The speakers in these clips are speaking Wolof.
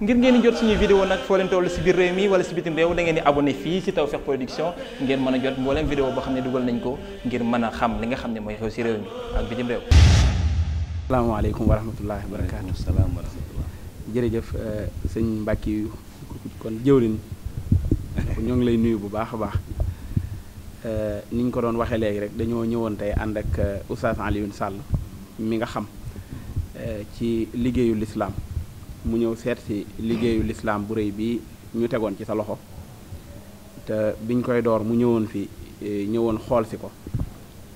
ngir ngeen di jot suñuy vidéo nag foo leen toll si biir réew mi wala si bitim réew da ngeen di abonné fii si Tawfekh Production ngeen mën a jot mbooleem vidéo boo xam ne dugal nañ ko ngir mën a xam li nga xam ne mooy xew si réew mi ak bitim réew asalaamaaleykum wa rahmatullahi wa barakaatu salaam jërëjëf eh, sëñ Mbàkke yu kon jëwlin ñoo ngi lay nuyu bu baax a baax eh, ni ñu ko doon waxee léegi rek dañoo ñëwoon tey ànd ak eh, Oustaz Alioune Sall mi nga xam ci liggéeyu lislaam mu ñëw seet si liggéeyu lislaam bu rëy bi ñu tegoon ci sa loxo te biñ koy door mu ñëwoon fi e, ñëwoon xool si ko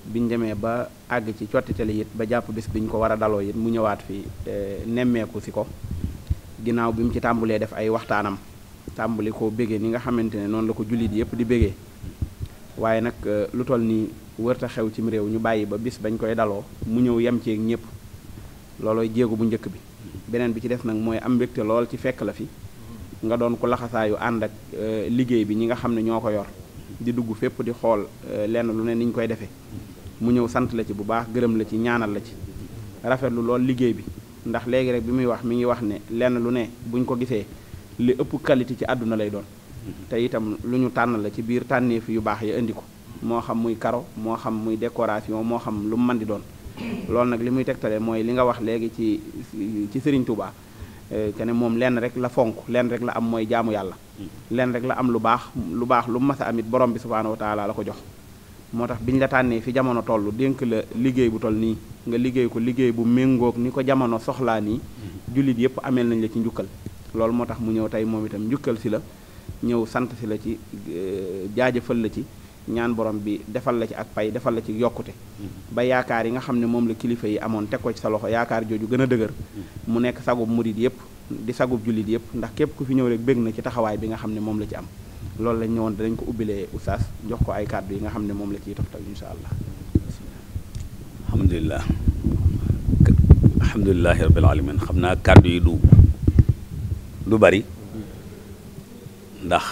biñ demee ba àgg ci cottitali it ba jàpp bis biñ ko war a daloo it mu ñëwaat fi e, nemmeeku si ko ginnaaw bi mu ci tàmbulee def ay waxtaanam tàmbuli koo béggee ni nga xamante ne noonu la ko jullit yëpp di bégee waaye nag e, lu toll nii wërta xew ci réew ñu bàyyi ba bis bañ koy daloo mu ñëw yem ceeg ñëpp loolooy jéego bu njëkk bi beneen bi ci des nag mooy am mbégte lool ci fekk la fi nga doon ko laxasaayu ànd ak euh, liggéey bi ñi nga xam ne ñoo ko yor di dugg fépp di xool euh, lenn lu ne ni ñu koy defee mu ñëw sant la ci bu baax gërëm la ci ñaanal la ci rafetlu lool liggéey bi ndax léegi rek bi muy wax mi ngi wax ne lenn lu ne buñ ko gisee li ëpp qualité ci àdduna lay doon te itam lu ñu tànn la ci biir tànneef yu baax ya indi ko moo xam muy karo moo xam muy décoration moo xam lu mën di doon loolu nag li muy tegtale mooy li nga wax léegi ci ci Sëriñ Tuubaa kene eh, moom lenn rek la fonk lenn rek la am mooy jaamu yàlla lenn rek la am lu baax lu baax lu mas amit borom bi subhaanahu wa taala la ko jox moo tax bi la tànnee fi jamono toll dénk la liggéey bu toll nii nga liggéey ko liggéey bu méngook ni ko jamono soxlaa nii jullit yépp amee nañ la ci njukkal loolu moo tax mu ñëw tey moom itam njukkal si la ñëw sant si la ci eh, jaajëfal la ci ñaan borom bi defal la ci ak pay defal la ci yokkute ba yaakaar yi nga xam ne moom la kilifa yi amoon teg ko ci sa loxo yaakaar jooju gën a dëgër mu nekk sagub murit yëpp di sagub jullit yëpp ndax képp ku fi ñëw rek bég na ci taxawaay bi nga xam ne moom la ci am loolu lañ ñëwoon dañ ko ubbilee oustaz jox ko ay kàddu yi nga xam ne moom la ciy toftal insha allah alhamdulilah alhamdulilahi rabbil alamin xam naa kàddu yi du du bari ndax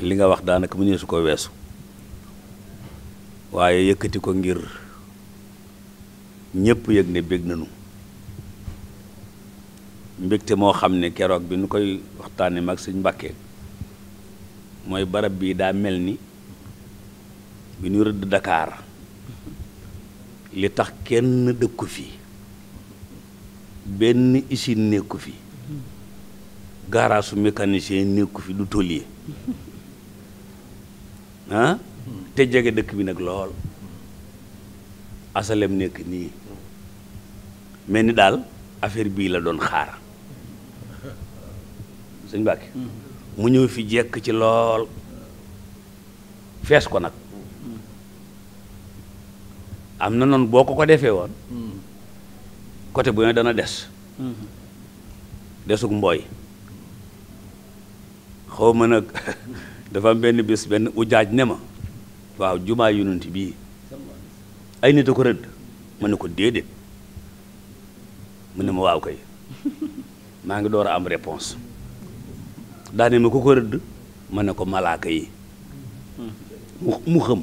li nga wax daanaka mu ne su ko weesu waaye yëkkati ko ngir ñëpp yëg ne bég nañu mbégte moo xam ne keroog bi nu koy waxtaanee mag suñ mbàkkee mooy barab bii daa mel ni bi ñu rëdd dakaar li tax kenn dëkku fi benn usine nekku fi garage su mécanicien nekku fi du tôlier ah te jege dëkk bi nag lool asalem nekk nii mel ni daal affaire bii la doon xaar sëñ Mbàkke mu ñëw fi jekk ci lool fees ko nag am na noon boo ko ko defee woon côté bu ne dana des desug mbooy xaw ma nag dafa am benn bis benn ujaaj ne ma waaw jumaa yonent bii ay nit a ko rëdd ma ne ko déedéet mu ne ma waaw kay maa ngi door a am réponse daane ma ko ko rëdd ma ne ko malaaka yi mu mu xam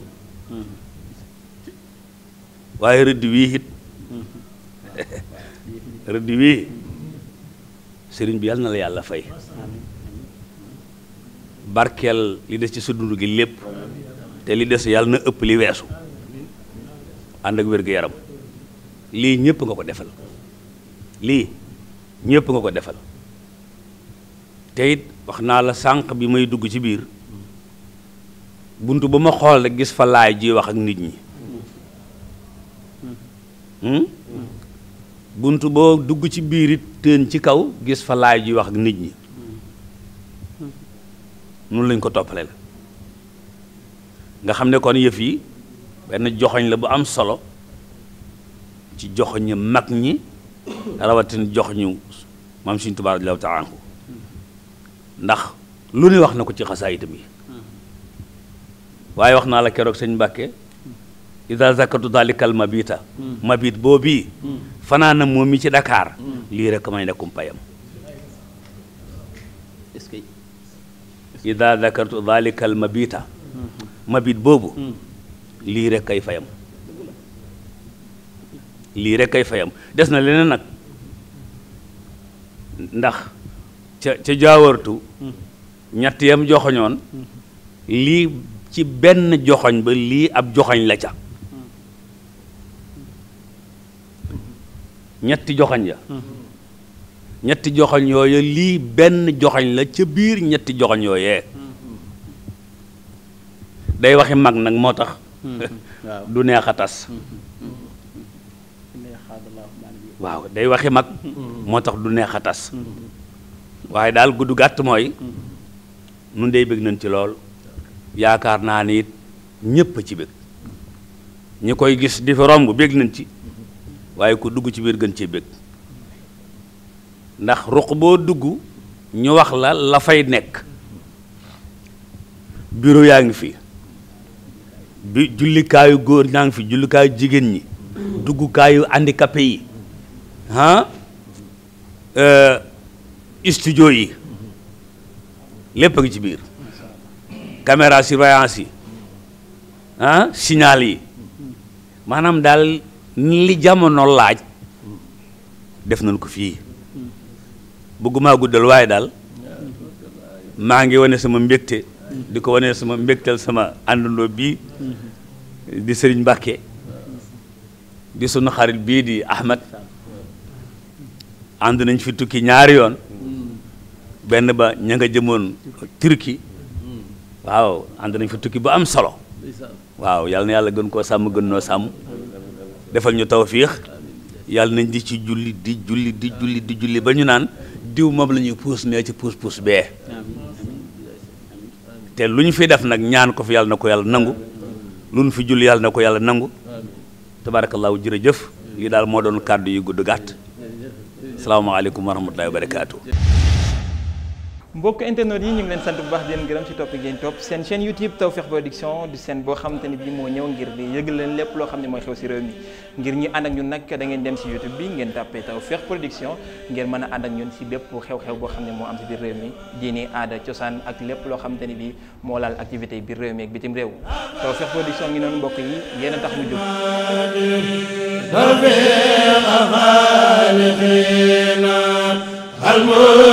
waaye rëdd wii it rëdd wii sëriñ bi yàlla na la yàlla fay barkeel li des ci sa gi lépp te li des yàlla na ëpp li weesu ànd ak wér-gu-yaram lii ñëpp nga ko defal lii ñëpp nga ko defal te it wax naa la sànq bi may dugg ci biir bunt ba ma xool gis fa laay ji wax ak nit ñi hmm? bunt boo dugg ci biir it tën ci kaw gis fa laay ji wax ak nit ñi noonu lañ ko toppale la nga xam ne kon yëf yi benn joxoñ la bu am solo ci joxoñu mag ñi rawatina jox maam Sëriñ Tuubaa radiyallaahu taala anhu ndax lu ne wax na ko ci xasaayitam yi waaye wax naa la keroog sëñ Mbàkke ida zakatu dalikal mabita mabit boo bii moom mi ci dakaar lii rek may nekkum payam ida zakatu dalikal mabita mabit boobu hmm. lii rek kay fayam lii rek ay fayam des na leneen nag ndax ca ca jaawartu hmm. ñett yam joxoñoon hmm. lii ci benn joxoñ ba lii ab joxoñ la ca ñetti joxoñ ya ñetti joxoñ yooya lii benn joxoñ la ca biir ñetti joxoñ yooyee day waxi mag nag moo tax. Hmm, hmm, hmm. du neex a tas. waaw day waxi mag. moo tax du neex a tas. waaye daal gudd gàtt mooy. nun day bëgg nañ ci lool. yaakaar naa ni it ñëpp ci bëgg. ñi koy gis di fi romb bëgg nañ ci. waaye ku dugg ci biir gën ci bëgg. ndax ruq boo dugg. ñu wax la la fay nekk. bureau yaa ngi fi. bi jullikaayu góor ñaa ngi fi jullikaayu jigéen ñi duggukaayu handicapé yi ah euh, studio yi lépp a ngi ci biir caméra surveillance yi ah signal yi maanaam daal li jamono laaj def nañ ko fii bëgguma guddal waaye daal maa ngi wane sama mbégte di ko wanee sama mbégtal sama àndandoo bii di sëriñ Mbàkke di sunu xarit bii di Ahmed ànd nañ fi tukki ñaari yoon benn ba ña nga jëmoon Turquie waaw ànd nañ fi tukki ba am solo waaw yàlla na yàlla gën koo sàmm gën noo sàmm defal ñu tawfiix yàlla nañ di ci julli di julli di julli di julli ba ñu naan diw moom lañuy ñuy puus nee ci puus puus bee te lu ñu fi def nag ñaan ko fi yàlla na ko yàlla nangu lu ñu fi julli yàlla na ko yàlla nangu tabaarakallaahu jërëjëf yi daal moo doon kàddu yu gudd gàtt salaamaaleykum wa rahmatullaahi wa barakaatu. mbokk internet yi ñu ngi leen sant bu baax di leen gërëm ci topp gi ngeen topp seen chaîne YouTube Tawfekh Production di seen boo xamante ni bi moo ñëw ngir di yëgal leen lépp loo xam ne mooy xew ci réew mi ngir ñu ànd ak ñun nag da ngeen dem ci YouTube bi ngeen tàppee Tawfekh Production ngeen mën a ànd ak ñun ci bépp xew-xew boo xam ne moo am ci biir réew mi diini aada cosaan ak lépp loo xamante ne bi moo laal activité biir réew mi ak bitim réew Tawfekh Production ngi noonu mbokk yi yéen a tax mu